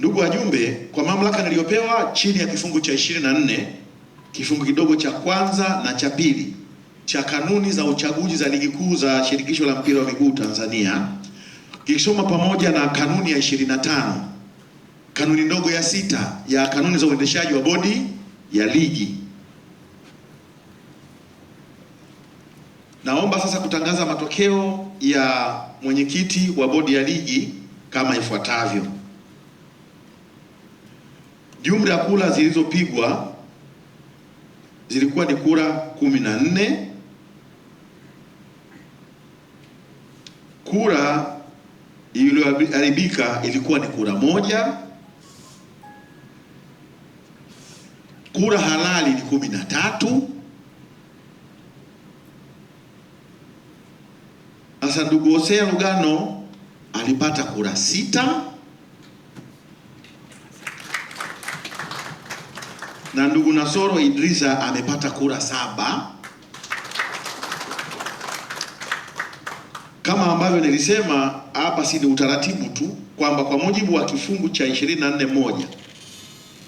Ndugu wajumbe, kwa mamlaka niliyopewa chini ya kifungu cha 24 kifungu kidogo cha kwanza na cha pili cha kanuni za uchaguzi za ligi kuu za shirikisho la mpira wa miguu Tanzania kikisoma pamoja na kanuni ya 25 kanuni ndogo ya sita ya kanuni za uendeshaji wa bodi ya ligi, naomba sasa kutangaza matokeo ya mwenyekiti wa bodi ya ligi kama ifuatavyo. Jumla ya kura zilizopigwa zilikuwa ni kura kumi na nne. Kura iliyoharibika ilikuwa ni kura moja. Kura halali ni kumi na tatu. Sasa ndugu Hosea Lugano alipata kura sita. na ndugu Nasoro Idrisa amepata kura saba kama ambavyo nilisema hapa, si ni utaratibu tu kwamba kwa mujibu wa kifungu cha 24.1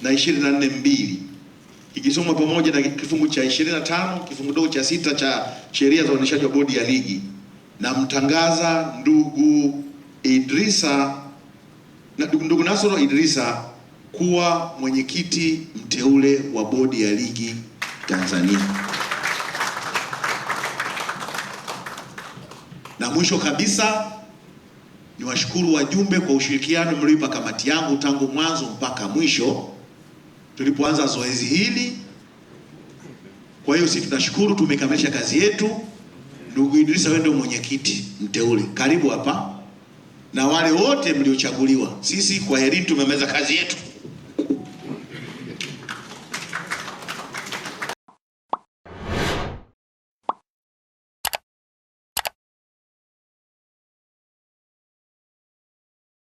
na 24.2 ikisoma pamoja na kifungu cha 25 kifungu dogo cha sita cha sheria za uendeshaji wa bodi ya ligi, namtangaza ndugu Idrisa na ndugu Nasoro Idrisa kuwa mwenyekiti mteule wa bodi ya ligi Tanzania. Na mwisho kabisa ni washukuru wajumbe kwa ushirikiano mlioipa kamati yangu tangu mwanzo mpaka mwisho tulipoanza zoezi hili. Kwa hiyo sisi tunashukuru, tumekamilisha kazi yetu. Ndugu Idrisa, wewe ndio mwenyekiti mteule, karibu hapa, na wale wote mliochaguliwa, sisi kwa heri tumemaliza kazi yetu.